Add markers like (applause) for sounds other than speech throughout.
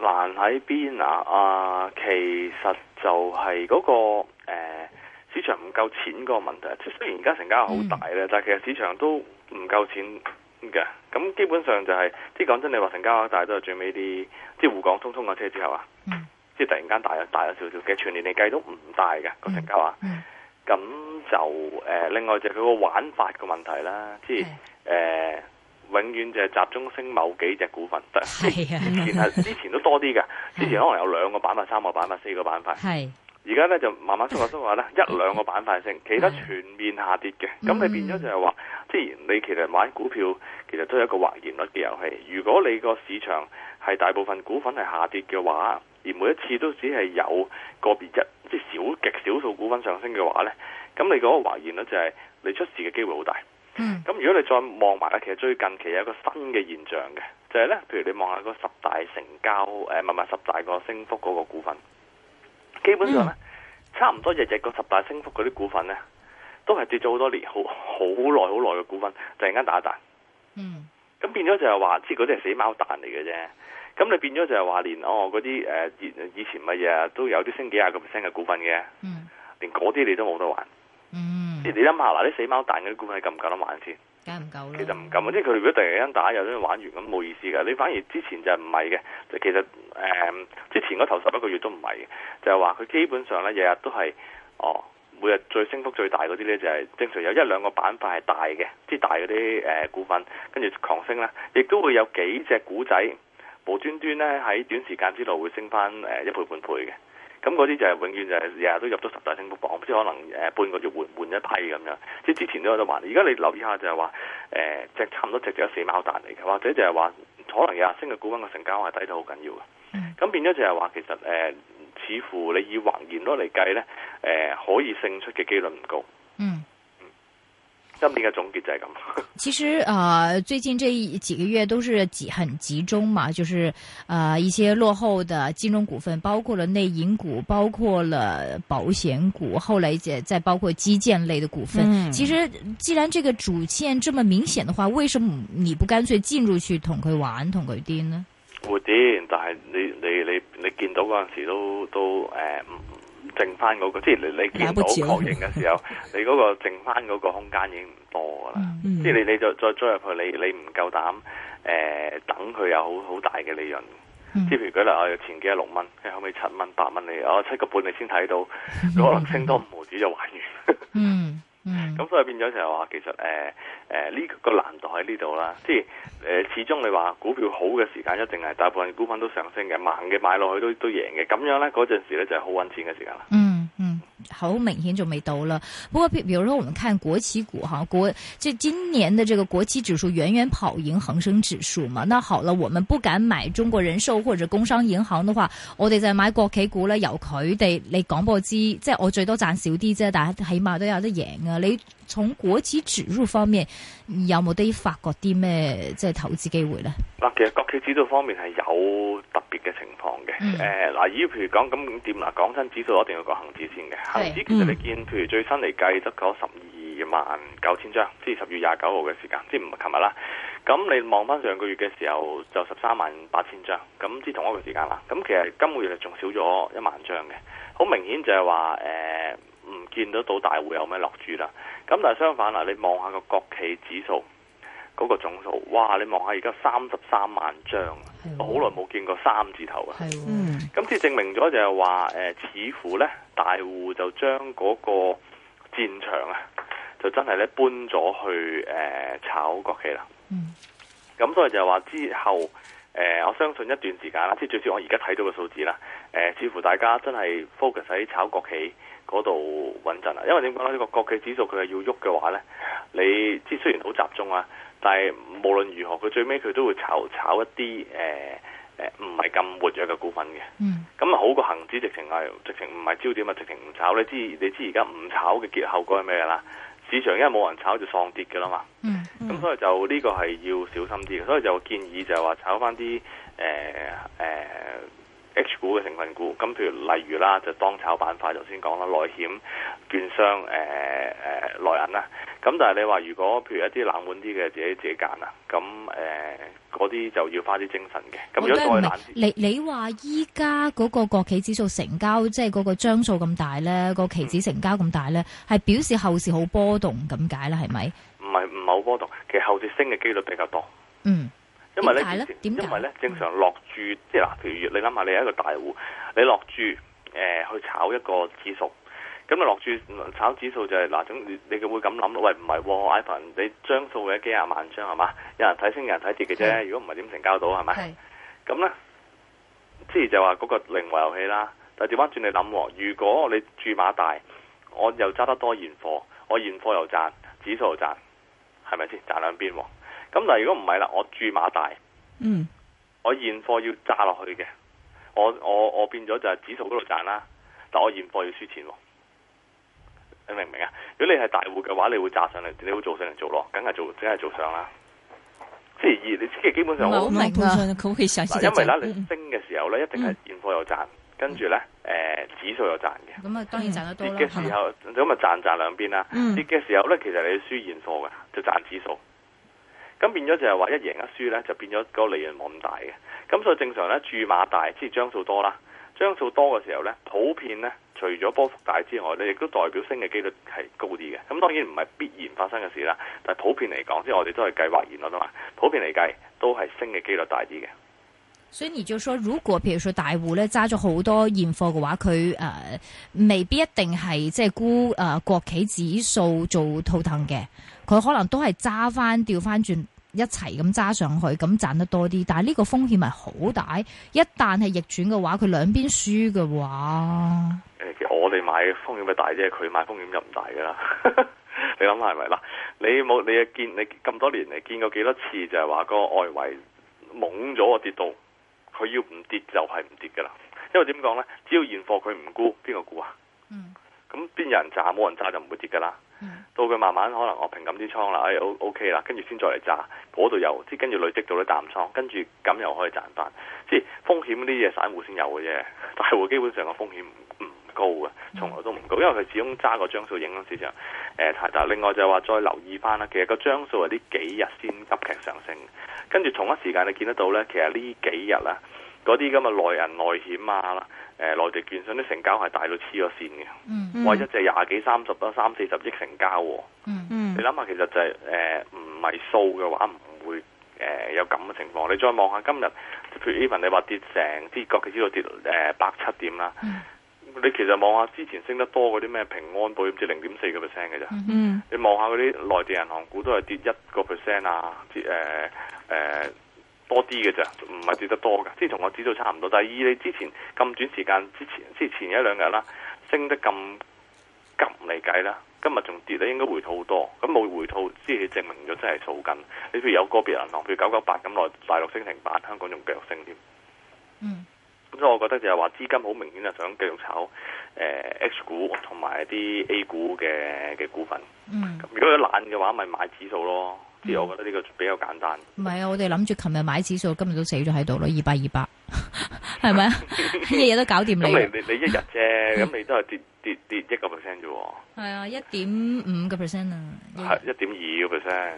難喺邊啊？啊，其實就係嗰、那個誒、呃、市場唔夠錢個問題。即係雖然而家成交好大咧，嗯、但係其實市場都唔夠錢嘅。咁基本上就係、是，即係講真，你話成交大都係最尾啲，即係滬港通通嘅車之後啊，嗯、即係突然間大咗大咗少少，嘅全年嚟計都唔大嘅個成交啊。咁、嗯嗯、就誒、呃，另外就係佢個玩法嘅問題啦，即係誒。呃永遠就係集中升某幾隻股份，其、欸、實、啊、之前都多啲嘅。之前可能有兩個板塊、啊、三個板塊、四個板塊。係而家咧就慢慢縮話縮話咧，啊、一兩個板塊升，其他全面下跌嘅。咁你、啊、變咗就係話，即係你其實買股票其實都係一個或然率嘅遊戲。如果你個市場係大部分股份係下跌嘅話，而每一次都只係有個別一即係少極少數股份上升嘅話咧，咁你嗰個或然率就係你出事嘅機會好大。嗯，咁如果你再望埋咧，其實最近其實有一個新嘅現象嘅，就係、是、咧，譬如你望下個十大成交誒，唔、呃、係十大個升幅嗰個股份，基本上咧，嗯、差唔多日日個十大升幅嗰啲股份咧，都係跌咗好多年，好好耐好耐嘅股份，突然間打彈。嗯，咁變咗就係話，即係嗰啲係死貓彈嚟嘅啫。咁你變咗就係話，連哦嗰啲誒，以前咪日日都有啲升幾廿個 percent 嘅股份嘅，嗯，連嗰啲你都冇得玩嗯，即係你諗下嗱，啲死貓蛋嗰啲股份係夠唔夠得玩先？梗係唔夠啦，其實唔夠，即係佢如果突然間打，又啲玩完咁冇意思噶。你反而之前就係唔係嘅，就其實誒、嗯，之前嗰頭十一個月都唔係嘅，就係話佢基本上咧，日日都係，哦，每日最升幅最大嗰啲咧就係，正常有一兩個板塊係大嘅，即係大嗰啲誒股份，跟住狂升啦，亦都會有幾隻股仔無端端咧喺短時間之內會升翻誒一倍半倍嘅。咁嗰啲就係永遠就係日日都入咗十大升幅榜，即係可能誒半個月換，換一批咁樣。即係之前都有得玩，而家你留意下就係話誒，即、呃、係差唔多隻隻都死貓彈嚟嘅，或者就係話可能有啲新嘅股份嘅成交係低到好緊要嘅。咁變咗就係話其實、呃、似乎你以橫言率嚟計咧、呃，可以勝出嘅機率唔高。今年嘅總結就係咁。其實啊、呃，最近這幾個月都是集很集中嘛，就是，啊、呃，一些落後的金融股份，包括了內銀股，包括了保險股，後來再再包括基建類的股份。嗯、其實既然這個主線這麼明顯的話，為什麼你不乾脆進入去同佢玩同佢癲呢？會癲，但係你你你你見到嗰陣時候都都誒。呃剩翻嗰，那個，即係你你見到確認嘅時候，你嗰個剩翻嗰個空間已經唔多啦。嗯、即係你你就再追入去，你你唔夠膽等佢有好好大嘅利潤。即係譬如舉例，我前幾日六蚊，你可唔可以七蚊、八蚊你，我七個半你先睇到，嗯、可能升多五毫子就還完。嗯 (laughs) 嗯，咁所以變咗就係話，其實誒誒呢個難度喺呢度啦，即係誒始終你話股票好嘅時間一定係大部分股份都上升嘅，慢嘅買落去都都贏嘅，咁樣咧嗰陣時咧就係好搵錢嘅時間啦。嗯。好，明顯就未到啦。不過，比，比如說，我們看國企股，哈，國，就今年的這個國企指數遠遠跑贏恒生指數嘛。那好了，我們不敢買中國人壽或者工商銀行的話，我哋就買國企股咧，由佢哋嚟講我知，即係我最多賺少啲啫，但係起碼都有得贏啊。你從國企指數方面有冇得發覺啲咩即係投資機會呢？嗱，其實國企指數方面係有特別。嘅情況嘅，誒嗱、嗯，依、呃、譬如講咁點嗱，講真，指數一定要講恒指先嘅，恒是指其實你見、嗯、譬如最新嚟計得嗰十二萬九千張，即、就、十、是、月廿九號嘅時間，即唔係琴日啦。咁你望翻上個月嘅時候就十三萬八千張，咁即同一個時間啦。咁其實今個月仲少咗一萬張嘅，好明顯就係話誒唔見得到大戶有咩落注啦。咁但係相反啊，你望下個國企指數嗰、那個總數，哇！你望下而家三十三萬張。我好耐冇見過三字頭啊！嗯，咁即係證明咗就係話、呃、似乎咧大戶就將嗰個戰場啊，就真係咧搬咗去、呃、炒國企啦。嗯，咁所以就係話之後、呃、我相信一段時間啦，即係最少我而家睇到個數字啦、呃。似乎大家真係 focus 喺炒國企嗰度穩陣啦。因為點講咧？呢個國企指數佢係要喐嘅話咧，你即係雖然好集中啊。但係無論如何，佢最尾佢都會炒炒一啲誒、誒唔係咁活躍嘅股份嘅。嗯，咁啊，好過恒指直情係直情唔係焦點啊，直情唔炒咧。知你知而家唔炒嘅結後果係咩啦？市場因為冇人炒就喪跌嘅啦嘛嗯。嗯，咁所以就呢個係要小心啲嘅。所以就建議就係話炒翻啲誒、誒。呃呃 H 股嘅成分股，咁譬如例如啦，就是、當炒板塊就先講啦，內險、券商、誒、呃、誒、呃、內銀啦。咁但係你話如果譬如一啲冷門啲嘅自己自己揀啦，咁誒嗰啲就要花啲精神嘅。咁如果內你你話依家嗰個國企指數成交即係嗰個張數咁大咧，個期指成交咁大咧，係表示後市好波動咁解啦？係咪？唔係唔係好波動，其實後市升嘅幾率比較多。嗯。因為咧，為因為咧，正常落注，即係嗱，譬如你諗下，你係一個大戶，你落注，誒、呃，去炒一個指數，咁、就是、啊，落注炒指數就係嗱，總你佢會咁諗喂，唔係，iPhone 你張數嘅幾廿萬張係嘛，有人睇升，有人睇跌嘅啫，是的 如果唔係點成交到係嘛？咁咧，即係是的 就話嗰、那個零和遊戲啦。但係調翻轉你諗，如果你注碼大，我又揸得多現貨，我現貨又賺，指數又賺，係咪先賺兩邊？賺兩邊哦咁但係如果唔係啦，我住馬大，嗯，我現貨要揸落去嘅，我我我變咗就係指數嗰度賺啦，但我現貨要輸錢喎、哦，你明唔明啊？如果你係大戶嘅話，你會揸上嚟，你會做上嚟做落，梗係做，梗係做，做上啦。即係二，你即係基本上唔好、嗯、明啊，因為咧你升嘅時候咧，一定係現貨有賺，嗯、跟住咧誒指數有賺嘅。咁啊、嗯，當然賺得多啦。嘅、嗯、時候咁咪吧賺賺兩邊啦。跌嘅、嗯、時候咧，其實你輸現貨嘅，就賺指數。咁變咗就係話一贏一輸咧，就變咗個利潤冇咁大嘅。咁所以正常咧，注碼大即係張數多啦。張數多嘅時候咧，普遍咧除咗波幅大之外，咧亦都代表升嘅機率係高啲嘅。咁當然唔係必然發生嘅事啦，但係普遍嚟講，即係我哋都係計活現攞得埋。普遍嚟計都係升嘅機率大啲嘅。所以你就說，如果譬如說大戶咧揸咗好多現貨嘅話，佢誒、呃、未必一定係即係沽誒國企指數做套戥嘅，佢可能都係揸翻調翻轉。一齊咁揸上去，咁賺得多啲。但係呢個風險咪好大？一旦係逆轉嘅話，佢兩邊輸嘅話，誒、嗯，我哋買風險咪大啫，佢買風險就唔大噶 (laughs) 啦。你諗下係咪啦？你冇你啊，見你咁多年嚟見過幾多次就係話個外圍懵咗啊，跌到，佢要唔跌就係唔跌噶啦。因為點講咧？只要現貨佢唔沽邊個沽啊？嗯。咁邊、嗯、有人揸，冇人揸就唔會跌噶啦。到佢慢慢可能我平緊啲倉啦，哎 OK 啦，跟住先再嚟揸，嗰度有即跟住累積到啲淡倉，跟住咁又可以賺翻。即風險呢啲嘢，散戶先有嘅啫，大戶基本上個風險唔高嘅，從來都唔高，因為佢始終揸個張數影響市場。誒係，另外就係話再留意翻啦，其實個張數係呢幾日先急劇上升，跟住同一時間你見得到咧，其實呢幾日啦，嗰啲咁嘅內銀內險啊誒、呃、內地券商啲成交係大到黐咗線嘅，或、嗯嗯、一隻廿幾三十多三四十億成交。嗯嗯，嗯你諗下其實就係誒唔係掃嘅話，唔會誒有咁嘅情況。你再望下今日，譬如 even 你話跌成跌個，佢知道跌誒百七點啦。嗯、你其實望下之前升得多嗰啲咩平安保險只零點四個 percent 嘅啫。嗯，你望下嗰啲內地銀行股都係跌一個 percent 啊，跌誒誒。呃呃多啲嘅咋，唔係跌得多噶，即係同個指數差唔多。但係以你之前咁短時間之前，即係前一兩日啦，升得咁急嚟計啦，今日仲跌咧，應該回吐好多。咁冇回吐，即係證明咗真係數緊。你譬如有個別銀行，譬如九九八咁耐，大陸升停板，香港仲繼續升添。嗯，咁所以我覺得就係話資金好明顯就想繼續炒誒 H、呃、股同埋啲 A 股嘅嘅股份。嗯，如果懶嘅話，咪買指數咯。我覺得呢個比較簡單。唔係啊，我哋諗住琴日買指數，今日都死咗喺度咯，二百二百，係咪啊？日日都搞掂，你你你一日啫，咁你都係跌跌跌一個 percent 啫。係啊，一點五個 percent 啊。係一點二個 percent，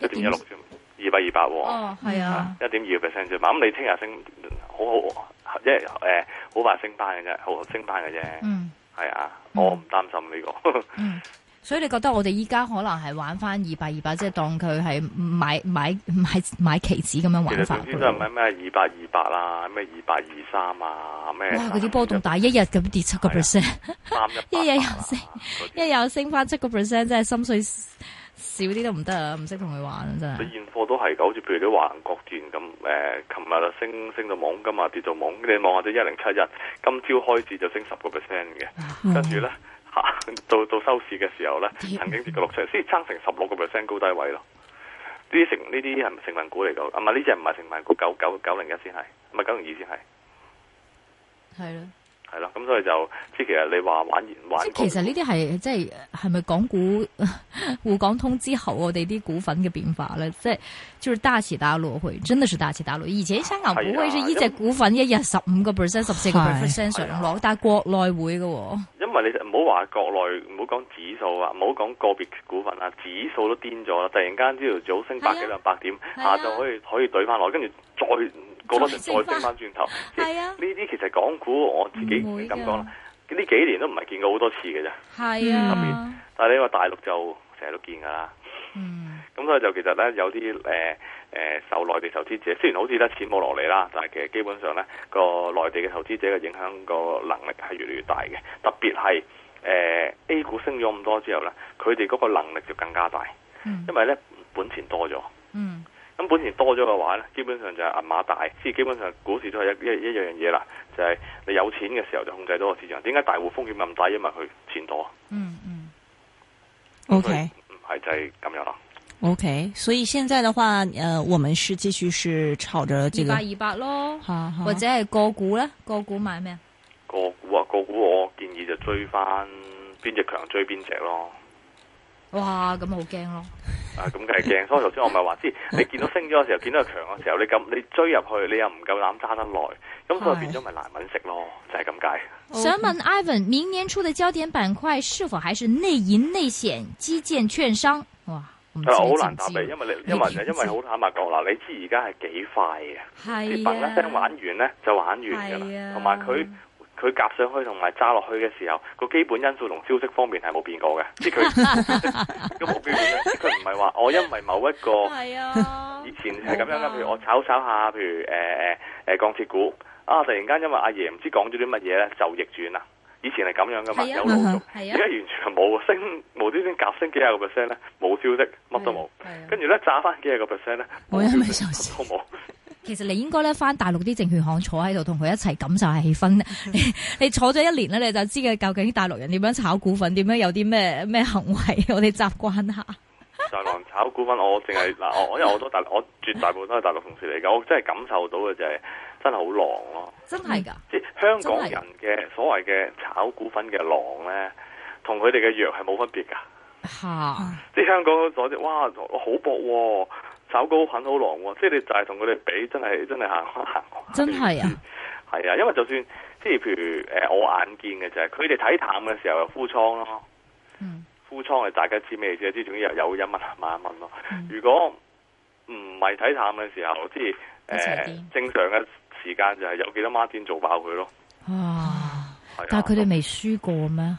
一點一六啫，二百二百。哦，係啊，一點二個 percent 啫嘛。咁你聽日升，好好，即係誒，好快升返嘅啫，好升返嘅啫。嗯。係啊，我唔擔心呢個。嗯。所以你覺得我哋依家可能係玩翻二八二八，即係當佢係買買買買棋子咁樣玩法。其實總之就係咩二八二八啦，咩二八二三啊咩。咩哇！嗰啲是波動大，一日咁跌七個 percent，一日又升，啊、一日又升翻七個 percent，真係心水少啲都唔得啊！唔識同佢玩啊，真係。啲現貨都係嘅，好似譬如啲華銀國電咁，誒、呃，琴日就升升到懵，今日跌到懵，你望下，或一零七一，今朝開始就升十個 percent 嘅，跟住咧。 (laughs) 到到收市嘅時候咧， (laughs) 曾經跌過六成，先至差成十六個 percent 高低位咯。啲成呢啲係咪成分股嚟噶？啊唔係呢隻唔係成分股，九九九零一先係，唔係九零二先係，係咯。係啦，咁、嗯、所以就即係其實你話玩完玩即其實呢啲係即係係咪港股滬港通之後我哋啲股份嘅變化咧？即、就、係、是，就係大起大落去，真係是大起大落去。而且生港股呢是隻、啊、股份一日十五個 percent、十四個 percent 上落，但係國內會嘅。因為你唔好話國內，唔好講指數啊，唔好講個別股份啊，指數都癲咗啦。突然間朝頭早上升百幾兩百點，下晝、啊、可以可以懟翻落，跟住再。過多陣再升翻轉頭，呢啲、啊、其實是港股我自己咁講啦，呢幾年都唔係見過好多次嘅啫。係啊，但係你話大陸就成日都見㗎啦。嗯，咁所以就其實咧有啲誒誒受內地投資者，雖然好似咧錢冇落嚟啦，但係其實基本上咧個內地嘅投資者嘅影響個能力係越嚟越大嘅，特別係誒、呃、A 股升咗咁多之後咧，佢哋嗰個能力就更加大，嗯、因為咧本錢多咗。嗯。咁本錢多咗嘅話咧，基本上就係阿馬大，即係基本上股市都係一一一樣嘢啦，就係你有錢嘅時候就控制到個市場。點解大戶風險咁大？因為佢錢多。嗯嗯。O K。唔係就係咁樣啦。O K，所以現在嘅話，誒，我們是繼續是炒咗二百二百咯，或者係個股咧？個股買咩啊？個股啊，個股我建議就追翻邊隻強追邊隻咯。哇！咁好驚咯～ (laughs) 啊，咁梗係驚，所以頭先我咪話知，你見到升咗嘅時候，見到強嘅時候，你咁你追入去，你又唔夠膽揸得耐，咁 (laughs) 所以變咗咪難搵食咯，就係咁解。想問、oh. (laughs) erm、，Ivan，明年初嘅焦點板塊是否還是內銀內險、基建、券商？哇，好、啊、難答你，因為你因為你因為好坦白講啦，你知而家係幾快嘅，你嘭一聲玩完咧就玩完噶啦，同埋佢。佢夾上去同埋揸落去嘅時候，個基本因素同消息方面係冇變過嘅，即係佢都冇變。即係佢唔係話我因為某一個以前係咁樣嘅，譬如我炒炒下，譬如誒誒誒鋼鐵股啊，突然間因為阿爺唔知講咗啲乜嘢咧，就逆轉啦。以前係咁樣嘅嘛，啊、有路數。而家、啊啊、完全冇，升無端端夾升幾廿個 percent 咧，冇消息，乜都冇。啊啊、跟住咧，揸翻幾廿個 percent 咧，冇乜消息，冇。其實你應該咧翻大陸啲證券行坐喺度，同佢一齊感受下氣氛咧。你坐咗一年咧，你就知嘅究竟大陸人點樣炒股份，點樣有啲咩咩行為，我哋習慣下。大狼炒股份，我淨係嗱，我 (laughs) 因為我都大，我絕大部分都係大陸同事嚟噶，我真係感受到嘅就係真係好狼咯。真係噶、啊嗯，即係香港人嘅所謂嘅炒股份嘅狼咧，同佢哋嘅藥係冇分別噶。吓！ (laughs) 即係香港嗰啲哇，好薄、啊。手高很好狼喎，即係你就係同佢哋比，真係真係行行行。真係啊，係啊，因為就算即係譬如誒，我眼見嘅就係佢哋睇淡嘅時候就沽倉咯。嗯，沽倉係大家知咩啫？知，總之有有一蚊啊，萬蚊咯。如果唔係睇淡嘅時候，即係誒、呃、正常嘅時間就係有幾多孖展做爆佢咯。哇！嗯、但係佢哋未輸過咩？嗯、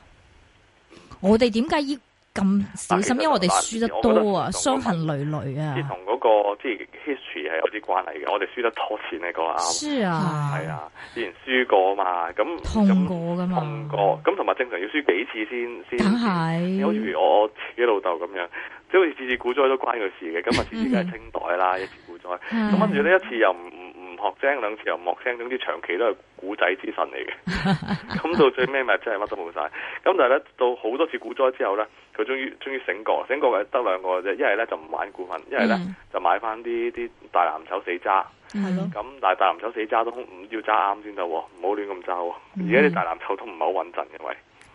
我哋點解要？咁小心，因為我哋輸得多啊、那個，傷痕累累啊、那個。即係同嗰個即係 history 係有啲關係嘅，我哋輸得多錢咧講啊。輸啊、嗯，係啊，以前輸過嘛，咁痛過嘅嘛，痛過。咁同埋正常要輸幾次先先，好似然我自己老豆咁樣，即好似次次股災都關佢事嘅，咁啊次次都係清袋啦，一 (laughs) 次股災。咁跟住呢一次又唔。學精兩次又莫精，總之長期都係股仔之神嚟嘅。咁 (laughs) (laughs) 到最尾咪真係乜都冇晒。咁但係咧到好多次股災之後咧，佢終於終於醒覺，醒覺得兩個啫。一係咧就唔玩股份，一係咧就買翻啲啲大藍籌死渣。係咯、嗯。咁的但係大藍籌死渣都唔要揸啱先得，唔好亂咁揸。而家啲大藍籌都唔係好穩陣嘅為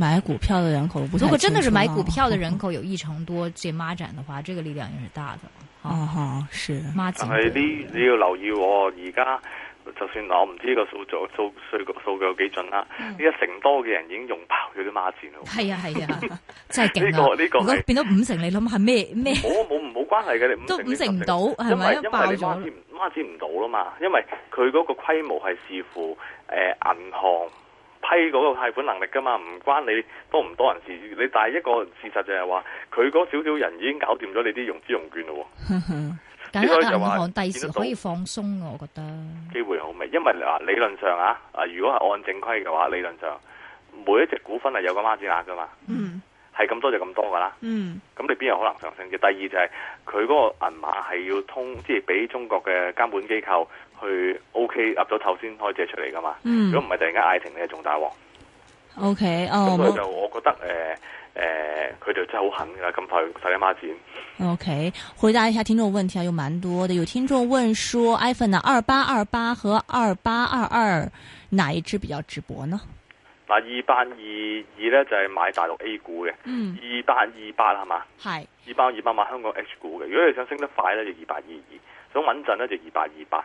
買股票的人口，如果真的是買股票的人口有一成多，借孖展的話，這個力量也是大的。哦，是。孖展。係啲你要留意，而家就算我唔知呢個數數數據數據有幾準啦，呢一成多嘅人已經用爆咗啲孖展咯。係啊，係啊，真係勁啊！呢個呢個。如果變到五成，你諗係咩咩？我冇冇關係嘅，你五成都五成唔到，係咪？因為孖展，孖展唔到啦嘛，因為佢嗰個規模係視乎誒銀行。低嗰個貸款能力㗎嘛，唔關你多唔多人事。你但係一個事實就係話，佢嗰少少人已經搞掂咗你啲融資融券咯。所 (laughs) 以就話，第時可以放鬆，我覺得機會好微。因為嗱，理論上啊，啊，如果係按正規嘅話，理論上每一隻股份係有個孖展額㗎嘛。嗯，係咁多就咁多㗎啦。嗯，咁你邊有可能上升啫？第二就係佢嗰個銀碼係要通，即係俾中國嘅監管機構。去 OK，入咗頭先開借出嚟噶嘛？如果唔係，突然間嗌停，你係仲大鑊。OK，哦，咁佢、嗯、就我覺得誒誒，佢、呃呃、就真係好狠噶，咁快使一孖錢。OK，回答一下聽眾問題啊，有蠻多嘅。有聽眾問說，iPhone 啊，二八二八和二八二二，哪一支比較值博呢？嗱、嗯，二八二二咧就係、是、買大陸 A 股嘅，嗯，二八二八係嘛？係。二八二八買香港 H 股嘅，如果你想升得快咧就二八二二，想穩陣咧就二八二八。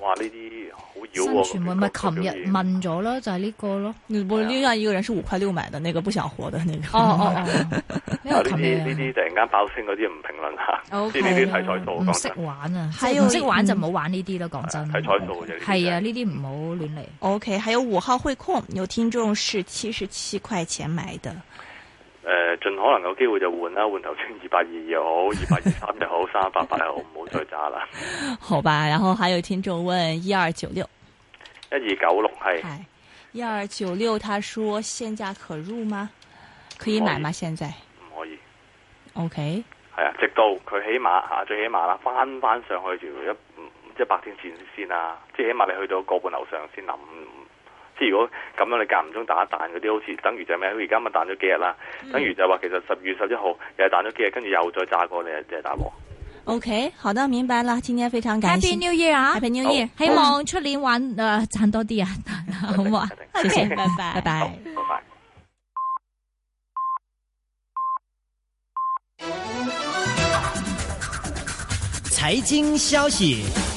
哇！呢啲好妖喎，全部係咪琴日問咗啦，就係呢個咯。我另外一個人是五塊六買的，那個不想活的那個。哦哦哦，呢啲呢啲突然間爆升嗰啲唔評論下，知呢啲係彩數。唔識玩啊，係唔識玩就唔好玩呢啲咯，講真。係彩數啫，係啊，呢啲唔好亂嚟。OK，還有五號匯控，有聽眾是七十七塊錢買嘅。誒，盡可能有機會就換啦，換頭先二百二又好，二百二三又好，三百八又好，唔好再揸啦。 (laughs) 好吧，然後還有聽眾問一二九六，一二九六係一二九六，他說現價可入嗎？可以,可以買嗎？現在唔可以。OK，係啊，直到佢起碼吓、啊，最起碼啦、啊，翻翻上去條一，一百天線先啦、啊。即係起碼你去到個半樓上先諗、啊。即如果咁樣你間唔中打一彈嗰啲，好似等於就係、是、咩？而家咪彈咗幾日啦，嗯、等於就話其實十二月十一號又係彈咗幾日，跟住又再炸過你，即係打和。OK，好的，明白了，今天非常感謝。Happy New Year 啊！Happy New Year，希望出年玩誒賺、嗯呃、多啲啊！好唔、okay, 好啊？OK，拜拜拜拜。拜拜。財經消息。